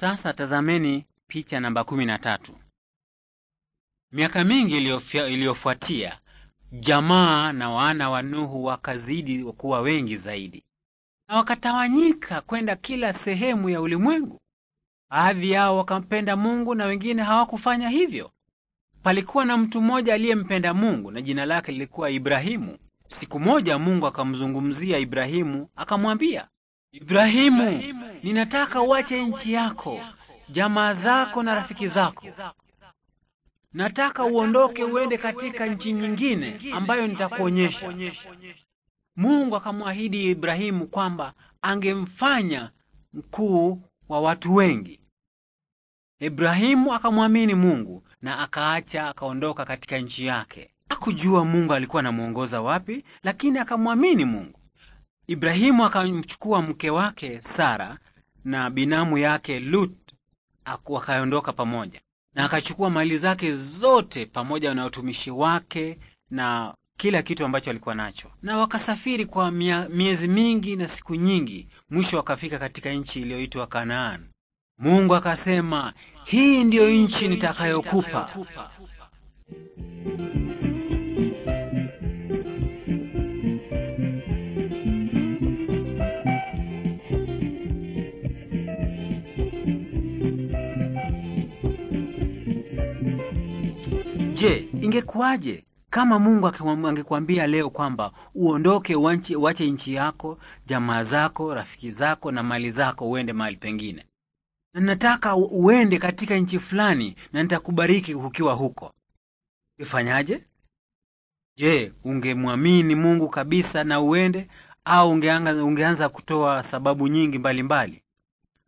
Sasa tazameni picha namba kumi na tatu. Miaka mingi iliyofuatia, jamaa na wana wa Nuhu wakazidi kuwa wengi zaidi, na wakatawanyika kwenda kila sehemu ya ulimwengu. Baadhi yao wakampenda Mungu na wengine hawakufanya hivyo. Palikuwa na mtu mmoja aliyempenda Mungu na jina lake lilikuwa Ibrahimu. Siku moja Mungu akamzungumzia Ibrahimu akamwambia, Ibrahimu, Ibrahimu ninataka uache nchi yako, jamaa zako na rafiki zako. Nataka uondoke uende katika nchi nyingine ambayo nitakuonyesha. Mungu akamwahidi Ibrahimu kwamba angemfanya mkuu wa watu wengi. Ibrahimu akamwamini Mungu na akaacha akaondoka katika nchi yake. Hakujua Mungu alikuwa anamwongoza wapi, lakini akamwamini Mungu. Ibrahimu akamchukua mke wake Sara na binamu yake Lut wakaondoka pamoja, na akachukua mali zake zote pamoja na utumishi wake na kila kitu ambacho alikuwa nacho, na wakasafiri kwa mia, miezi mingi na siku nyingi. Mwisho wakafika katika nchi iliyoitwa kanaan Mungu akasema, hii ndiyo nchi nitakayokupa Je, ingekuwaje kama Mungu angekuambia leo kwamba uondoke uache nchi yako, jamaa zako, rafiki zako na mali zako uende mahali pengine. Na nataka uende katika nchi fulani na nitakubariki ukiwa huko. Ungefanyaje? Je, ungemwamini Mungu kabisa na uende au ungeanza kutoa sababu nyingi mbalimbali?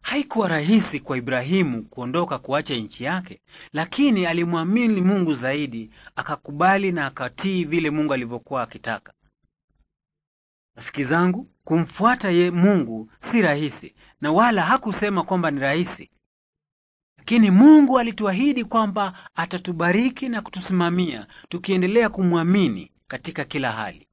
Haikuwa rahisi kwa Ibrahimu kuondoka kuacha nchi yake, lakini alimwamini Mungu zaidi, akakubali na akatii vile Mungu alivyokuwa akitaka. Rafiki zangu, kumfuata ye Mungu si rahisi, na wala hakusema kwamba ni rahisi, lakini Mungu alituahidi kwamba atatubariki na kutusimamia tukiendelea kumwamini katika kila hali.